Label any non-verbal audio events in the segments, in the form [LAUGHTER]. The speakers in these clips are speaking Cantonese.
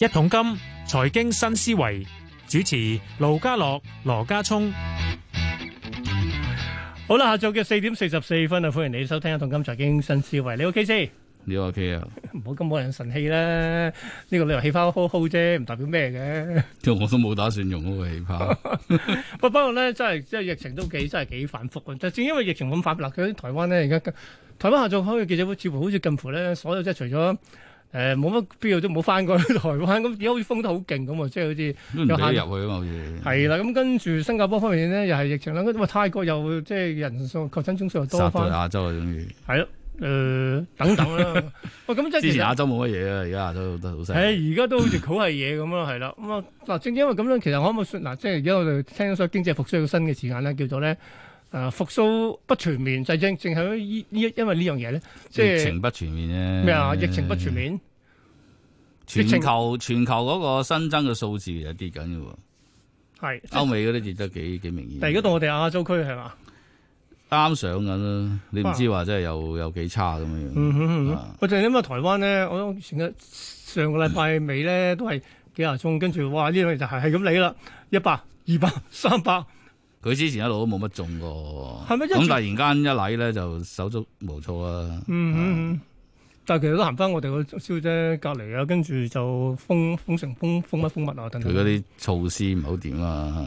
一桶金財經新思維，主持盧家樂、羅家聰，好啦，下晝嘅四點四十四分啊，歡迎你收聽一桶金財經新思維。你 OK 先？你 OK 啊？唔好咁冇人神氣啦，呢個旅遊氣泡好好啫，唔代表咩嘅。即係我都冇打算用嗰個氣泡。不過咧，真係即係疫情都幾真係幾反復啊！就正因為疫情咁發，嗱，嗰啲台灣咧而家台灣下晝開嘅記者會，似乎好似近乎咧所有即係除咗。誒冇乜必要都冇返過去台灣咁，而家好似封得好勁咁，即係好似有限入去啊嘛，好似係啦。咁跟住新加坡方面呢，又係疫情啦。咁、呃、啊，泰國又即係人數確診宗數又多返。亞洲啊，終於係咯，誒等等啦。哇！咁即係其實之前亞洲冇乜嘢啊，而家亞洲都好細。誒而家都好似好係嘢咁咯，係啦。 [LAUGHS] 咁啊嗱，正正因為咁樣，其實我可唔可以説嗱、啊，即係而家我哋聽到所經濟復甦嘅新嘅時間咧，叫做咧。誒復甦不全面，就正正係呢呢，因為呢樣嘢咧，即係疫情不全面咧。咩啊？疫情不全面，全球全球嗰個新增嘅數字又跌緊嘅喎。係歐美嗰啲跌得幾幾明顯。但係而家到我哋亞洲區係嘛？啱上緊啦，你唔知話真係有有幾差咁樣樣。嗯哼嗯哼，我就係因為台灣咧，我成日上個禮拜尾咧都係幾廿宗，跟住哇呢樣就係係咁理啦，一百、二百、三百。佢之前一路都冇乜中過，咁突然間一嚟咧就手足無措啊、嗯！嗯嗯，是但係其實都行翻我哋個小姐隔離啊，跟住就封封城、封封乜封乜啊，等等佢嗰啲措施唔好點啊！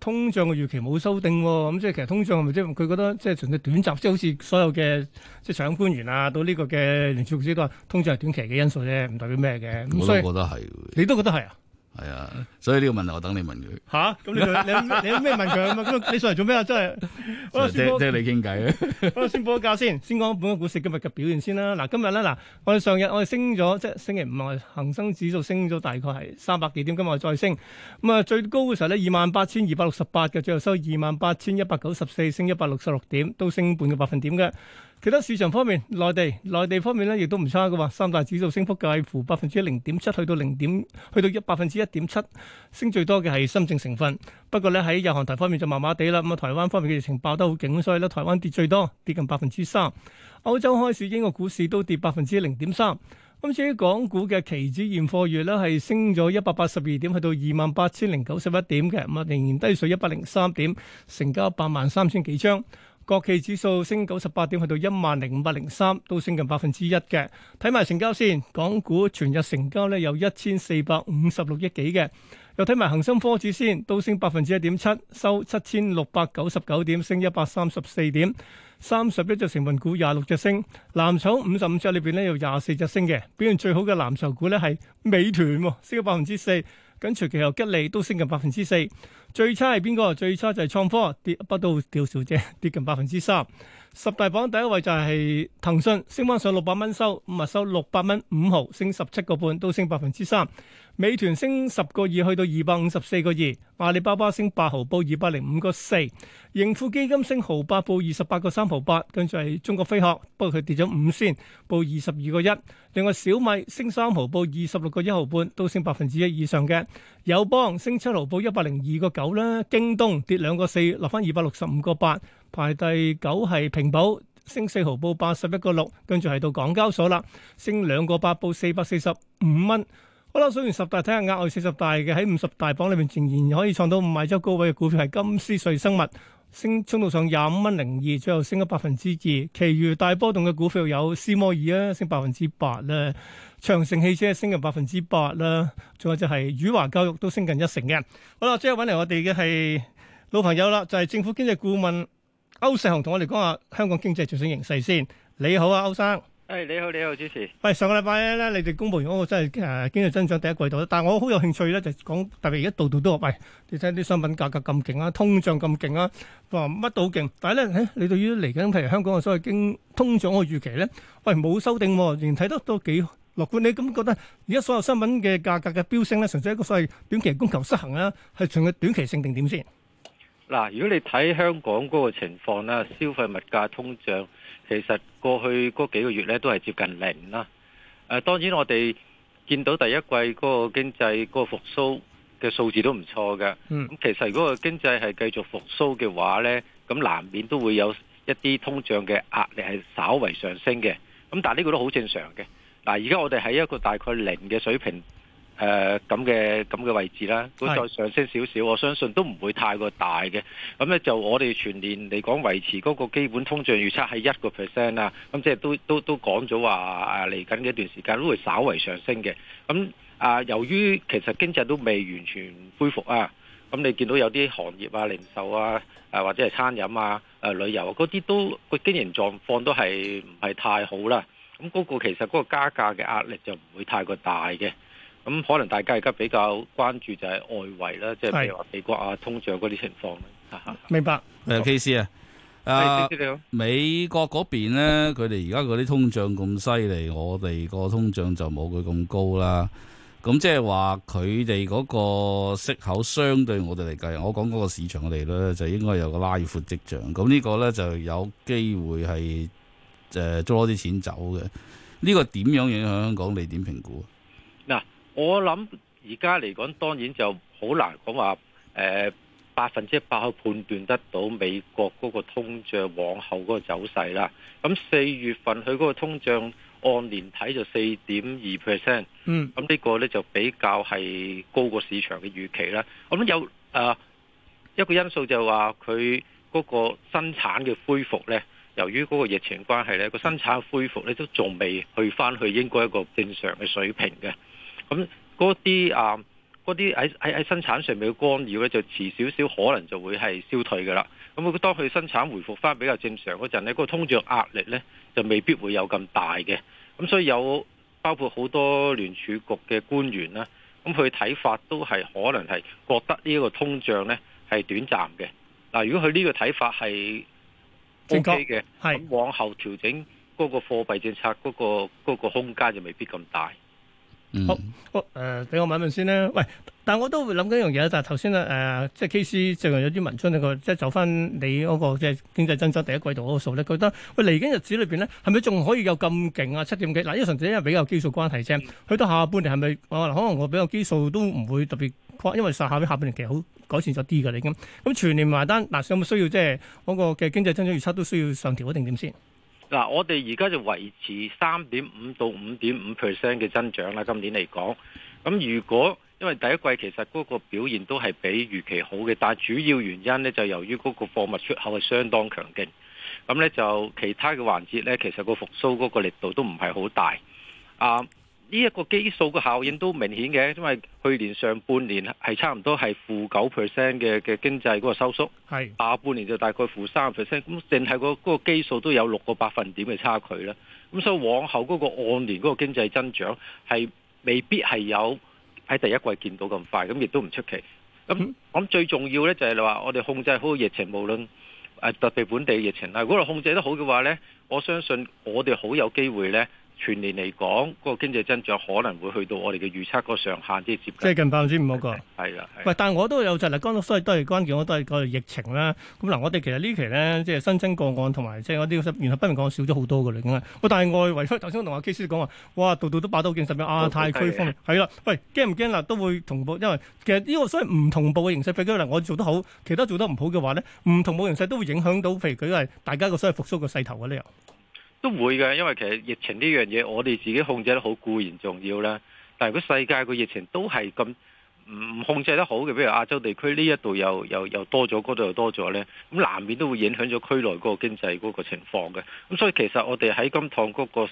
通脹嘅預期冇修訂喎，咁即係其實通脹係咪即係佢覺得即係純粹短暫，即係好似所有嘅即係上官員啊，到呢個嘅聯儲局局長都話通脹係短期嘅因素啫，唔代表咩嘅，咁所以我覺得係，你都覺得係啊？係啊，所以呢個問題我等你問佢。吓，咁你你你有咩問佢啊？咁你，你，你， [LAUGHS] 你上嚟做咩啊？真係 [LAUGHS] 吧，我哋即係你傾偈啊！我哋先報個價先， [LAUGHS] 先講本港股市今日嘅表現先啦。嗱，今日咧嗱，我哋上日我哋升咗，即係星期五啊，恒生指數升咗大概係三百幾點，今日再升。咁啊，最高嘅時候咧二萬八千二百六十八嘅，28, 8，最後收二萬八千一百九十四，升一百六十六點，都升半個百分點嘅。其他市場方面，內地內地方面咧，亦都唔差噶嘛。三大指數升幅介乎百分之零點七，去到零點，去到一百分之一點七。升最多嘅係深圳成分。不過咧喺日韓台方面就麻麻地啦。咁啊，台灣方面嘅疫情爆得好勁，所以咧台灣跌最多，跌近百分之三。歐洲開市，英國股市都跌百分之零點三。咁至於港股嘅期指現貨月咧，係升咗一百八十二點，去到二萬八千零九十一點嘅。咁啊，仍然低水一百零三點，成交八萬三千幾張。國企指數升九十八點，去到一萬零五百零三，都升近百分之一嘅。睇埋成交先，港股全日成交咧有一千四百五十六億幾嘅。又睇埋恒生科指先，都升百分之一點七，收七千六百九十九點，升一百三十四點，三十一隻成分股，廿六隻升。藍籌五十五隻裏邊咧有廿四隻升嘅，表現最好嘅藍籌股咧係美團，升咗百分之四。咁隨其後吉利都升近百分之四。最差係邊個？最差就係創科跌不到都少少啫，跌近百分之三。十大榜第一位就係騰訊，升翻上六百蚊收，唔係收六百蚊五毫，升十七個半，都升百分之三。美團升十個二去到二百五十四個二，阿里巴巴升八毫報二百零五個四，盈富基金升毫八報二十八個三毫八，跟住係中國飛鶴，不過佢跌咗五先，報二十二個一。另外小米升三毫報二十六個一毫半，都升百分之一以上嘅。友邦升七毫報一百零二個九九啦，京東跌兩個四，落翻二百六十五個八，排第九係平保，升四毫報八十一個六，跟住係到港交所啦，升兩個八報四百四十五蚊。好啦，數完十大，睇下額外四十大嘅喺五十大榜裏面，仍然可以創到五萬周高位嘅股票係金斯瑞生物。升衝到上廿五蚊零二，02，最後升咗百分之二。其餘大波動嘅股票有，有斯摩爾啊，升百分之八啦；長城汽車升近百分之八啦。仲有就係宇華教育都升近一成嘅。好啦，最後揾嚟我哋嘅係老朋友啦，就係、是、政府經濟顧問歐錫熊，同我哋講下香港經濟最新形勢先。你好啊，歐生。誒，你好，你好，主持。喂，上個禮拜咧，你哋公布完嗰個真係誒經濟增長第一季度啦。但係我好有興趣咧，就講特別而家度度都話，喂，你睇啲商品價格咁勁啊，通脹咁勁啊，話乜都好勁。但係咧，誒，你對於嚟緊譬如香港嘅所謂經通脹嘅預期咧，喂，冇收定，仍然睇得都幾樂觀。你咁覺得而家所有商品嘅價格嘅飆升咧，純粹一個所謂短期供求失衡啊，係純粹短期性定點先？嗱，如果你睇香港嗰個情況啦，消費物價通脹。其實過去嗰幾個月咧都係接近零啦。誒、啊，當然我哋見到第一季嗰個經濟嗰個復甦嘅數字都唔錯嘅。咁、嗯、其實如果個經濟係繼續復甦嘅話咧，咁難免都會有一啲通脹嘅壓力係稍微上升嘅。咁但係呢個都好正常嘅。嗱，而家我哋喺一個大概零嘅水平。誒咁嘅咁嘅位置啦，咁再上升少少，我相信都唔會太過大嘅。咁咧就我哋全年嚟講維持嗰個基本通脹預測係一個 percent 啦。咁即係都都都講咗話，誒嚟緊嘅一段時間都會稍為上升嘅。咁啊、呃，由於其實經濟都未完全恢復啊，咁你見到有啲行業啊、零售啊、誒或者係餐飲啊、誒、呃、旅遊嗰、啊、啲都個經營狀況都係唔係太好啦。咁嗰個其實嗰個加價嘅壓力就唔會太過大嘅。咁可能大家而家比較關注就係外圍啦，即係譬如話美國啊通脹嗰啲情況 [LAUGHS] 明白。誒，K C 啊，美國嗰邊呢，佢哋而家嗰啲通脹咁犀利，我哋個通脹就冇佢咁高啦。咁即係話佢哋嗰個息口相對我哋嚟計，我講嗰個市場利率呢，就應該有個拉闊跡象。咁呢個呢，就有機會係誒、呃、多啲錢走嘅。呢、呢個點樣影響香港？你點評估？我諗而家嚟講，當然就好難講話。誒，百分之一百去判斷得到美國嗰個通脹往後嗰個走勢啦。咁四月份佢嗰個通脹按年睇就四點二 percent。嗯。咁呢個呢就比較係高過市場嘅預期啦。我諗有啊一個因素就話佢嗰個生產嘅恢復呢，由於嗰個疫情關係呢，個生產恢復呢都仲未去翻去應該一個正常嘅水平嘅。咁嗰啲啊，嗰啲喺喺喺生產上面嘅干擾咧，就遲少少可能就會係消退噶啦。咁、嗯、當佢生產回復翻比較正常嗰陣咧，嗰個通脹壓力咧就未必會有咁大嘅。咁、嗯、所以有包括好多聯儲局嘅官員啦，咁佢睇法都係可能係覺得呢個通脹咧係短暫嘅。嗱、啊，如果佢呢個睇法係 OK 嘅，咁往後調整嗰個貨幣政策嗰、嗰個嗰、嗰個空間就未必咁大。嗯、好，我、呃、俾我問問先啦。喂，但係我都會諗緊一樣嘢啊。但係頭先咧誒，即係 K C 最近有啲文章咧，即你個即係走翻你嗰個即係經濟增長第一季度嗰個數咧，覺得喂嚟緊日子裏邊咧，係咪仲可以有咁勁啊？七點幾嗱？呢個純粹因為比較基數關係啫，去到下半年係咪、啊？可能我比較基數都唔會特別誇因為實下邊下半年其實好改善咗啲㗎，你經咁全年埋單。嗱、呃，有冇需要即係嗰個嘅經濟增長預測都需要上調一定點先？嗱，我哋而家就維持三點五到五點五 percent 嘅增長啦。今年嚟講，咁如果因為第一季其實嗰個表現都係比預期好嘅，但係主要原因咧就由於嗰個貨物出口係相當強勁，咁咧就其他嘅環節咧，其實個復甦嗰個力度都唔係好大啊。呢一個基數嘅效應都明顯嘅，因為去年上半年係差唔多係負九 percent 嘅嘅經濟嗰個收縮，係下是半年就大概負三 percent，咁淨係個嗰個基數都有六個百分點嘅差距啦。咁所以往後嗰個按年嗰個經濟增長係未必係有喺第一季見到咁快，咁亦都唔出奇。咁咁最重要呢就係話我哋控制好個疫情，無論特地本地疫情，嗱如果控制得好嘅話呢，我相信我哋好有機會呢。全年嚟講，那個經濟增長可能會去到我哋嘅預測個上限啲接近，即係近百分之五嗰個。係啦，喂，但係我都有就嗱，剛剛所以都係關鍵，我都係個疫情啦。咁嗱，我哋其實期呢期咧，即係新增個案同埋即係嗰啲源頭不明個少咗好多噶啦，咁啊。我但係外圍咧，先我同阿 K 師講話，哇，度度都把到件甚至亞太區方面，係啦。喂，驚唔驚啦？都會同步，因為其實呢個所以唔同步嘅形式，譬如嗱，我做得好，其他做得唔好嘅話咧，唔同步形式都會影響到，譬如佢係大家個所以復甦嘅勢頭嘅呢樣。都會嘅，因為其實疫情呢樣嘢，我哋自己控制得好固然重要啦。但係如果世界個疫情都係咁唔控制得好嘅，比如亞洲地區呢一度又又又多咗，嗰度又多咗呢，咁難免都會影響咗區內嗰個經濟嗰個情況嘅。咁所以其實我哋喺今趟嗰個誒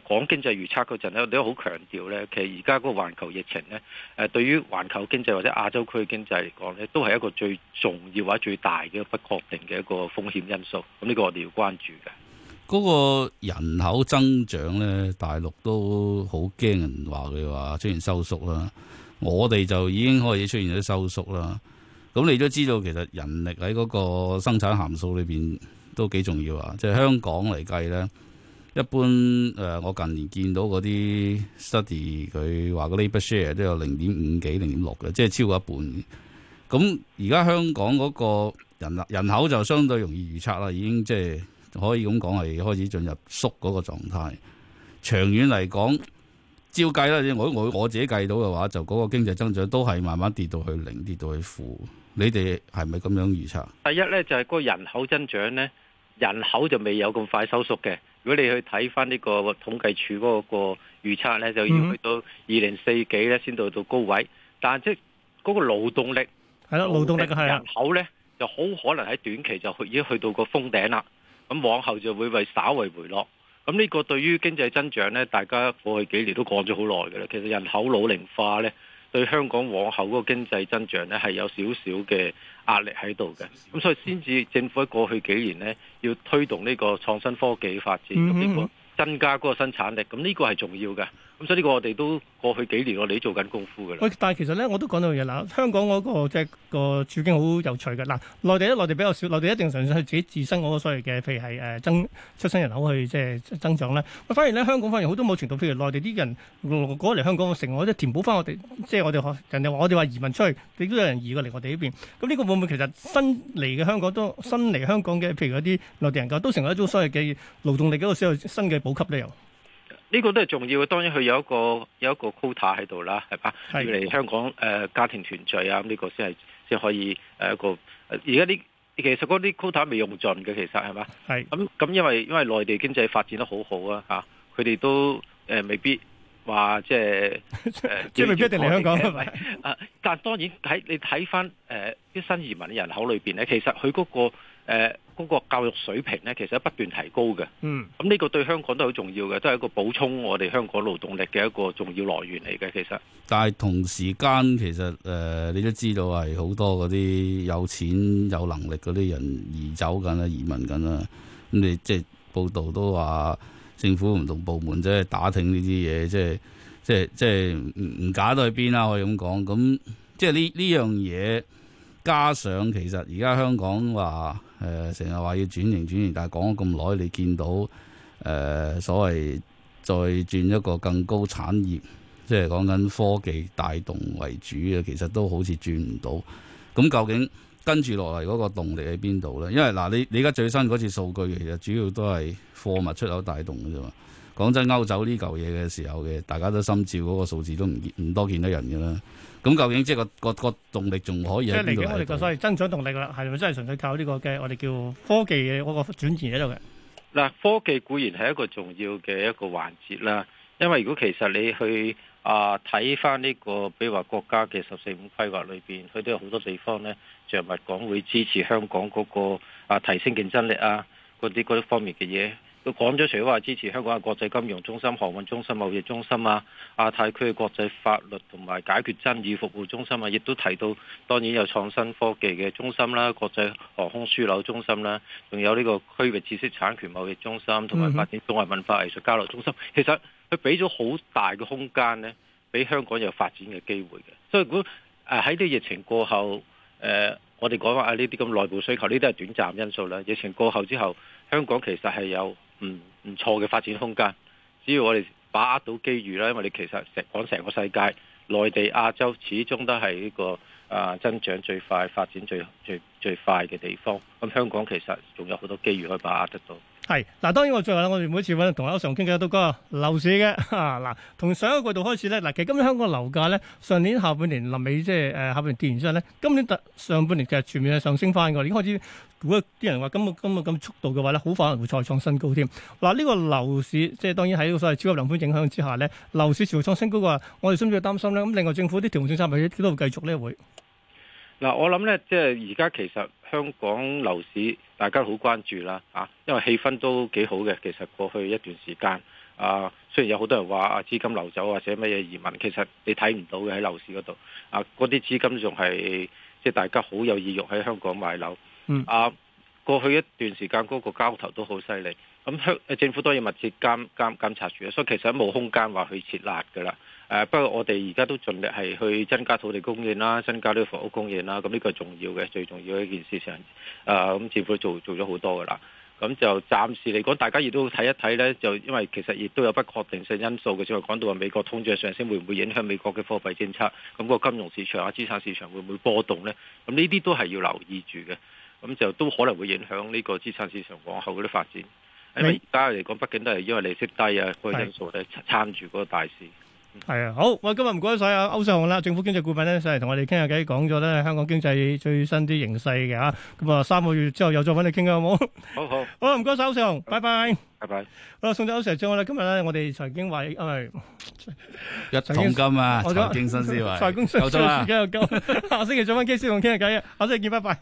講經濟預測嗰陣咧，我哋都好強調呢。其實而家嗰個環球疫情呢，誒對於環球經濟或者亞洲區經濟嚟講呢，都係一個最重要或者最大嘅不確定嘅一個風險因素。咁呢個我哋要關注嘅。嗰個人口增長咧，大陸都好驚人話佢話出現收縮啦。我哋就已經開始出現咗收縮啦。咁你都知道，其實人力喺嗰個生產函數裏邊都幾重要啊。即係香港嚟計咧，一般誒、呃，我近年見到嗰啲 study，佢話個 labor share 都有零點五幾、零點六嘅，即係超過一半。咁而家香港嗰個人人口就相對容易預測啦，已經即係。可以咁講，係開始進入縮嗰個狀態。長遠嚟講，照計咧，我我我自己計到嘅話，就嗰個經濟增長都係慢慢跌到去零，跌到去負。你哋係咪咁樣預測？第一咧就係、是、個人口增長咧，人口就未有咁快收縮嘅。如果你去睇翻呢個統計處嗰個預測咧，就要去到二零四幾咧先到到高位。但係即係嗰個勞動力係啦，勞動力嘅人口咧，的就好可能喺短期就去已經去到個峰頂啦。咁往後就會為稍為回落，咁、這、呢個對於經濟增長呢，大家過去幾年都講咗好耐嘅啦。其實人口老齡化呢，對香港往後嗰個經濟增長呢，係有少少嘅壓力喺度嘅，咁所以先至政府喺過去幾年呢，要推動呢個創新科技發展咁樣、這個、增加嗰個生產力，咁、這、呢個係重要嘅，咁所以呢個我哋都。過去幾年我哋都做緊功夫嘅啦。喂，但係其實咧，我都講到嘢啦。香港嗰個即係個處境好有趣嘅。嗱、啊，內地咧，內地比較少，內地一定嘗試係自己自身嗰個所謂嘅，譬如係誒增出生人口去即係增長啦。喂、呃呃，反而咧香港反而好多冇程度，譬如內地啲人過嚟香港嘅成，我一填補翻我哋，即係我哋人哋話我哋話移民出去，亦都有人移過嚟我哋呢邊。咁呢個會唔會其實新嚟嘅香港都新嚟香港嘅，譬如嗰啲內地人嘅，都成為一種所謂嘅勞動力嗰個所謂新嘅補給咧？由？呢個都係重要嘅，當然佢有一個有一個 quota 喺度啦，係吧？要嚟是的 香港誒、呃、家庭團聚啊，咁、這、呢個先係先可以誒一個。而家啲其實嗰啲 quota 未用盡嘅，其實係嘛？係。咁咁是的、嗯、因為因為內地經濟發展得好好啊，嚇、啊，佢哋都誒、呃、未必話即係、呃、 [LAUGHS] 即係未必一定嚟香港，係咪啊？吧但係當然睇你睇翻誒啲新移民嘅人口裏邊咧，其實佢嗰、那個。誒嗰個教育水平咧，其實不斷提高嘅。嗯，咁呢個對香港都好重要嘅，都係一個補充我哋香港勞動力嘅一個重要來源嚟嘅。其實，但係同時間其實誒，你都知道係好多嗰啲有錢有能力嗰啲人移走緊啦，移民緊啦。咁、嗯、你即係報道都話，政府唔同部門即係打聽呢啲嘢，即係即係即係唔唔假都去邊啦？可以咁講。咁、嗯、即係呢呢樣嘢，加上其實而家香港話。誒，成日話要轉型轉型，但係講咗咁耐，你見到誒、呃、所謂再轉一個更高產業，即係講緊科技帶動為主嘅，其實都好似轉唔到。咁究竟跟住落嚟嗰個動力喺邊度咧？因為嗱、呃，你你而家最新嗰次數據，其實主要都係貨物出口帶動嘅啫嘛。講真，歐走呢嚿嘢嘅時候嘅，大家都心照，嗰個數字都唔唔多見得人嘅啦。咁究竟即係個個個動力仲可以喺度？即係嚟緊我哋所謂增長動力啦，係咪真係純粹靠呢個嘅？我哋叫科技嗰個轉移喺度嘅。嗱，科技固然係一個重要嘅一個環節啦。因為如果其實你去啊睇翻呢個，比如話國家嘅十四五規劃裏邊，佢都有好多地方咧，著物講會支持香港嗰、嗰個啊提升競爭力啊，嗰啲嗰啲方面嘅嘢。佢講咗，除咗話支持香港嘅國際金融中心、航運中心、貿易中心啊，亞太區嘅國際法律同埋解決爭議服務中心啊，亦都提到當然有創新科技嘅中心啦、國際航空樞紐中心啦，仲有呢個區域知識產權貿易中心同埋發展中外文化藝術交流中心。其實佢俾咗好大嘅空間咧，俾香港有發展嘅機會嘅。所以如果喺啲疫情過後，我哋講話啊呢啲咁內部需求呢啲係短暫因素啦。疫情過後之後，香港其實係有唔唔錯嘅發展空間，只要我哋把握到機遇啦，因為你其實成講成個世界，內地、亞洲始終都係呢個啊、呃、增長最快、發展最最最快嘅地方。咁、嗯、香港其實仲有好多機遇可以把握得到係。嗱，當然我最後咧，我哋每次揾同阿歐常傾偈都講樓市嘅啊。嗱，從上一個季度開始咧，嗱，其實今年香港嘅樓價咧，上年下半年臨尾即係誒，下半年跌完之後咧，今年上上半年其實全面係上升翻嘅，已經開始。如果啲人話今日咁速度嘅話咧，好可能會再創新高添嗱。呢、啊呢個樓市即係當然喺所謂超級涼風影響之下咧，樓市持續創新高嘅話，我哋需唔需要擔心咧？咁、嗯、另外政府啲調控政策係咪都會繼續咧？會嗱、啊，我諗咧，即係而家其實香港樓市大家好關注啦，啊，因為氣氛都幾好嘅。其實過去一段時間啊，雖然有好多人話啊資金流走或者乜嘢移民，其實你睇唔到嘅喺樓市嗰度啊，嗰啲資金仲係即係大家好有意欲喺香港買樓。嗯，啊，過去一段時間嗰個交投都好犀利，咁香政府都要密切監監監察住，所以其實冇空間話去設立噶啦。誒、啊，不過我哋而家都盡力係去增加土地供應啦，增加啲房屋供應啦，咁呢個重要嘅最重要嘅一件事上，誒、啊、咁政府都做做咗好多噶啦。咁就暫時嚟講，大家亦都睇一睇呢。就因為其實亦都有不確定性因素嘅，先話講到話美國通脹上升會唔會影響美國嘅貨幣政策，咁個金融市場啊、資產市場會唔會波動呢？咁呢啲都係要留意住嘅。咁就都可能會影響呢個資產市場往後嗰啲發展，因為而家嚟講，畢竟都係因為利息低啊，嗰啲因素咧撐住嗰個大市。係啊，好，我今日唔該晒啊歐錫熊啦，政府經濟顧問咧上嚟同我哋傾下偈，講咗咧香港經濟最新啲形勢嘅嚇，咁啊三個月之後又再揾你傾下好冇？好好好，唔該晒歐錫熊，拜拜。拜拜。好，送咗歐錫熊，我哋今日咧我哋財經話，因為一桶金啊，財經新思維夠鍾啦，下星期再揾 K 師同傾下偈啊，下星期見，拜拜。